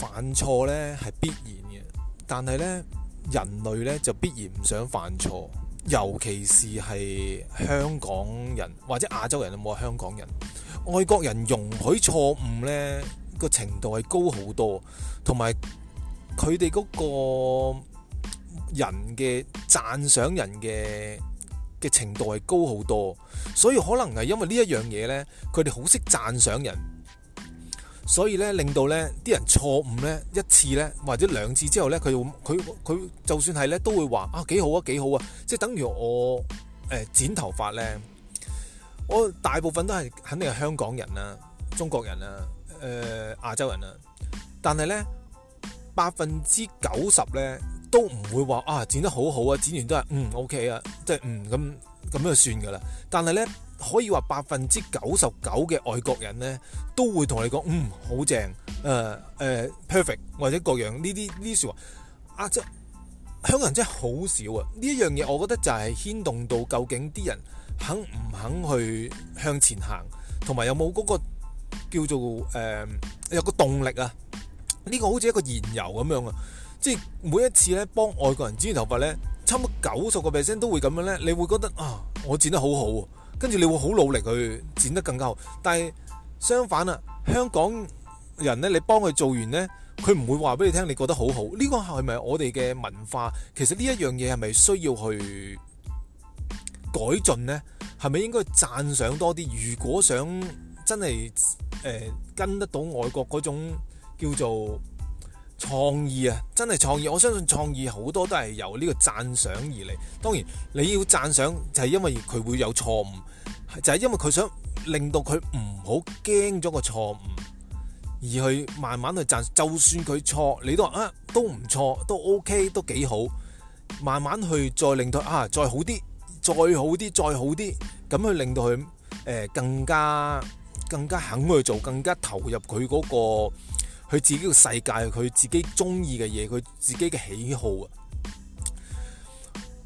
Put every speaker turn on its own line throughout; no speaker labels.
犯錯呢係必然嘅，但係呢人類呢就必然唔想犯錯，尤其是係香港人或者亞洲人有冇啊？香港人，外國人容許錯誤呢個程度係高好多，同埋佢哋嗰個人嘅讚賞人嘅嘅程度係高好多，所以可能係因為呢一樣嘢呢，佢哋好識讚賞人。所以咧，令到咧啲人錯誤咧一次咧，或者兩次之後咧，佢會，佢佢佢就算係咧，都會話啊幾好啊幾好啊！即係等於我誒、呃、剪頭髮咧，我大部分都係肯定係香港人啦、啊、中國人啦、啊、誒、呃、亞洲人啦、啊，但係咧百分之九十咧。都唔會話啊剪得好好啊剪完都係嗯 OK 啊即係嗯咁咁樣就算噶啦。但係咧可以話百分之九十九嘅外國人咧都會同你講嗯好正誒誒、呃呃、perfect 或者各樣呢啲呢啲説話啊即係香港人真係好少啊呢一樣嘢，我覺得就係牽動到究竟啲人肯唔肯去向前行，同埋有冇嗰、那個叫做誒、呃、有個動力啊？呢、呢個好似一個燃油咁樣啊！即係每一次咧幫外國人剪完頭髮咧，差唔多九十個 percent 都會咁樣咧，你會覺得啊，我剪得好好，啊，跟住你會好努力去剪得更加好。但係相反啊，香港人咧，你幫佢做完咧，佢唔會話俾你聽，你覺得好好。呢個係咪我哋嘅文化？其實呢一樣嘢係咪需要去改進呢？係咪應該讚賞多啲？如果想真係誒、呃、跟得到外國嗰種叫做？創意啊，真係創意！我相信創意好多都係由呢個讚賞而嚟。當然你要讚賞，就係因為佢會有錯誤，就係因為佢想令到佢唔好驚咗個錯誤，而去慢慢去讚。就算佢錯，你都話啊，都唔錯，都 OK，都幾好。慢慢去再令到啊，再好啲，再好啲，再好啲，咁去令到佢、呃、更加更加肯去做，更加投入佢嗰個。佢自己個世界，佢自己中意嘅嘢，佢自己嘅喜好啊。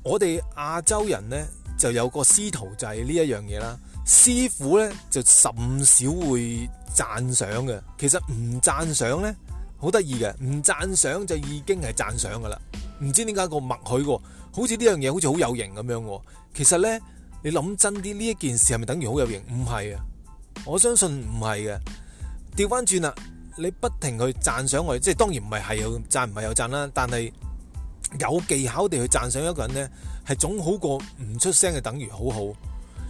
我哋亞洲人呢，就有個師徒制呢一樣嘢啦。師傅呢，就甚少會讚賞嘅。其實唔讚賞呢，好得意嘅，唔讚賞就已經係讚賞噶啦。唔知點解個默許喎，好似呢樣嘢好似好有型咁樣。其實呢，你諗真啲呢一件事係咪等於好有型？唔係啊，我相信唔係嘅。調翻轉啦。你不停去讚賞我哋，即係當然唔係，係有讚，唔係有讚啦。但係有技巧地去讚賞一個人呢係總好過唔出聲嘅，等於好好，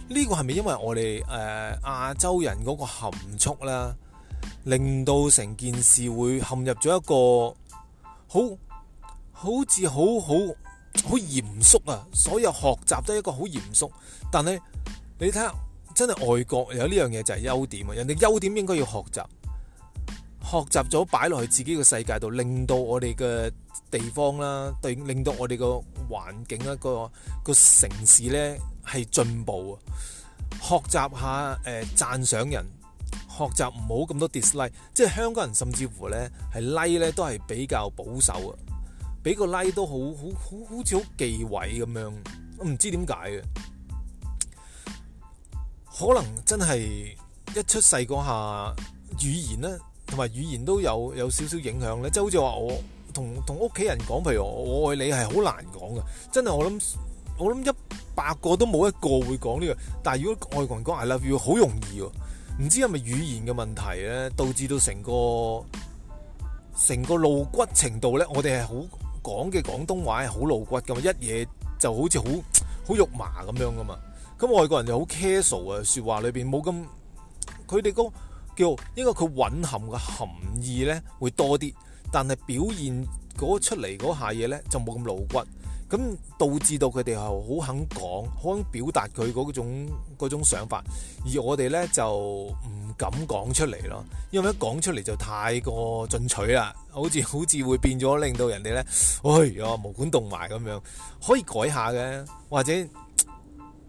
呢個係咪？是是因為我哋誒亞洲人嗰個含蓄啦，令到成件事會陷入咗一個好好似好好好嚴肅啊。所有學習都係一個好嚴肅，但係你睇下，真係外國有呢樣嘢就係優點啊。人哋優點應該要學習。學習咗擺落去自己嘅世界度，令到我哋嘅地方啦，對令到我哋嘅環境，一個個城市呢係進步啊。學習下誒、呃、讚賞人，學習唔好咁多 dislike。即係香港人，甚至乎呢係 like 呢都係比較保守啊。俾個 like 都好好好好似好忌諱咁樣，我唔知點解嘅，可能真係一出世嗰下語言呢。同埋語言都有有少少影響咧，即係好似話我同同屋企人講，譬如我愛你係好難講嘅，真係我諗我諗一百個都冇一個會講呢個。但係如果外國人講 I love you，好容易喎。唔知係咪語言嘅問題咧，導致到成個成個露骨程度咧。我哋係好講嘅廣東話係好露骨噶嘛，一嘢就好似好好肉麻咁樣噶嘛。咁外國人就好 casual 啊，説話裏邊冇咁，佢哋個。叫，因為佢隱含嘅含義咧會多啲，但係表現嗰出嚟嗰下嘢咧就冇咁露骨，咁導致到佢哋係好肯講，好肯表達佢嗰種嗰種想法，而我哋咧就唔敢講出嚟咯，因為一講出嚟就太過進取啦，好似好似會變咗令到人哋咧，哎呀毛管凍埋咁樣，可以改下嘅，或者。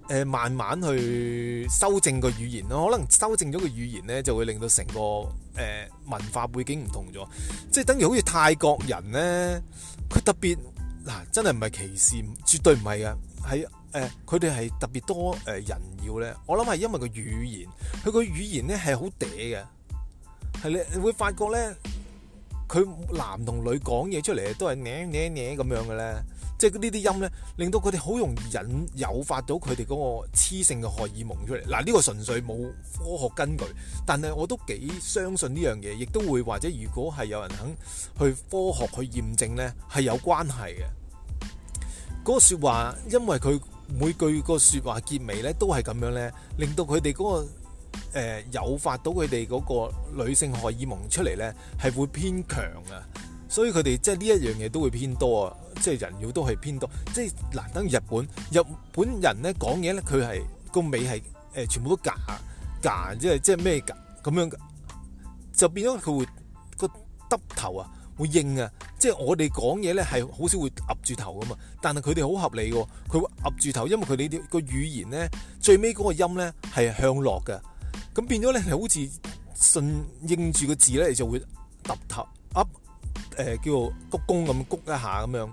誒慢慢去修正個語言咯，可能修正咗個語言咧，就會令到成個誒、呃、文化背景唔同咗，即係等於好似泰國人咧，佢特別嗱、啊、真係唔係歧視，絕對唔係㗎，係誒佢哋係特別多誒、呃、人妖咧，我諗係因為個語言，佢個語言咧係好嗲嘅，係你，你會發覺咧。佢男同女講嘢出嚟都係咁樣嘅咧，即係呢啲音咧，令到佢哋好容易引誘發到佢哋嗰個雌性嘅荷爾蒙出嚟。嗱呢個純粹冇科學根據，但係我都幾相信呢樣嘢，亦都會或者如果係有人肯去科學去驗證咧，係有關係嘅。嗰個説話，因為佢每句個説話結尾咧都係咁樣咧，令到佢哋嗰個。誒、呃，誘發到佢哋嗰個女性荷爾蒙出嚟咧，係會偏強啊，所以佢哋即係呢一樣嘢都會偏多啊，即係人妖都係偏多。即係嗱，等於日本日本人咧講嘢咧，佢係個尾係誒全部都夾夾，即係即係咩夾咁樣嘅，就變咗佢會,會個耷頭啊，會應啊。即係我哋講嘢咧係好少會揼住頭噶嘛，但係佢哋好合理嘅，佢會揼住頭，因為佢哋啲個語言咧最尾嗰個音咧係向落嘅。咁變咗咧、呃，就好似順應住個字咧，就會揼頭 Up，叫做鞠躬咁鞠一下咁樣，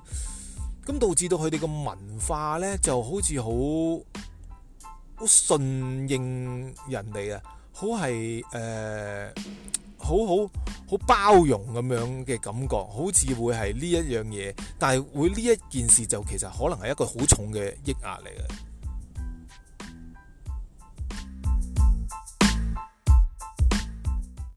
咁導致到佢哋個文化咧，就好似好好順應人哋啊，好係誒、呃、好好好包容咁樣嘅感覺，好似會係呢一樣嘢，但係會呢一件事就其實可能係一個好重嘅抑壓嚟嘅。